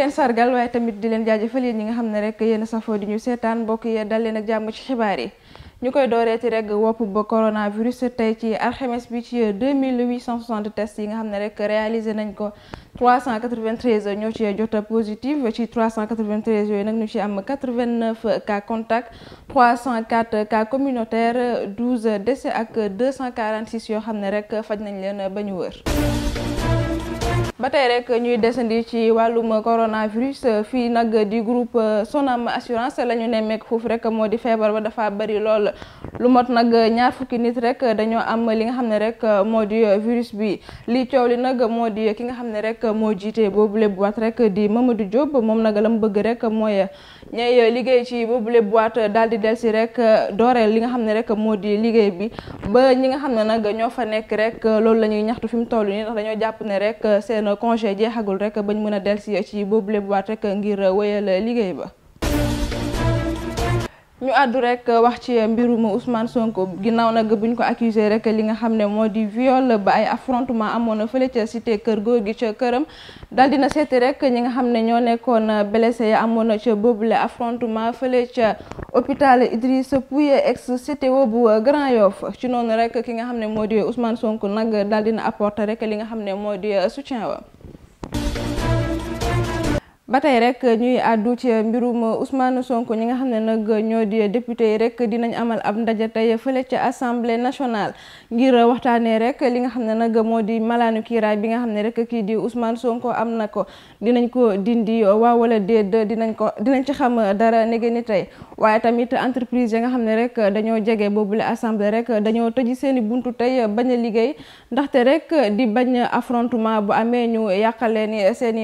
leen sargal tamit di leen jaajëfal yéen ñi nga xam ne rek yéen safoo di ñu seetaan mbokk yi dal leen ak jàmm ci xibaar yi ñu koy dooreeti rek wopp ba coronavirus tey ci alxames bi ci 2860 tests yi nga xam ne rek réalisé nañ ko 393 ñoo ci jota positif ci 393 yooyu nag ñu ci am 89 cas contact 304 cas communautaire 12 décès ak 246 yoo xam ne rek faj nañ leen ba ñu wër ba tey rek ñuy desandi ci wàllum coronavirus fii nag di groupe euh, Sonam assurance la ñu nemmeek foofu rek moo di feebar ba dafa bari lool lu mot nag ñaar fukki nit rek dañoo am li nga xam ne rek moo di virus bi li coow li nag moo di ki nga xam ne rek moo jiite boobu lépp waat rek di mëma Mamadou Diop moom nag la bëgg rek mooy. ñooy euh, liggéey ci boobule boîte euh, daal di del si rek euh, dooreel li nga xam ne rek moo di liggéey bi ba ñi nga xam ne nag ñoo fa nekk rek loolu la ñuy ñaxtu fi mu toll nii ndax dañoo jàpp ne rek seen congé jeexagul rek ba bañ mën a del si ci boobule waat rek ngir wéyal liggéey ba ñu àddu rek euh, wax ci mbirum Ousmane Sonko ginnaaw nag buñ ko accusé rek li nga xam ne moo di viol ba ay affrontement amoon na fële ca cité kër góor gi ca këram daal dina seeti rek ñi nga xam ne ñoo nekkoon blessé ya amoon na ca boobule affrontement fële ca hôpital Idriss Pouye ex CTO bu Grand Yoff ci noonu rek ki nga xam ne moo di Ousmane sonku nag daal dina apporter rek li nga xam ne moo di soutien wa ba tey rek ñuy àddu ci mbirum Ousmane Sonko ñi nga xam ne nag ñoo di député yi rek dinañ amal ab ndaje tey fële ci assemblée nationale ngir waxtaanee rek li nga xam ne nag moo di malaanu kiiraay bi nga xam ne rek kii di Ousmane Sonko am na ko dinañ ko dindi waaw wala déed dinañ ko dinañ ci xam dara nege tey waaye tamit entreprise yi nga xam ne rek dañoo jege boobule assemblée rek dañoo tëji seeni buntu tey bañ a liggéey ndaxte rek di bañ affrontement bu amee ñu yàqalee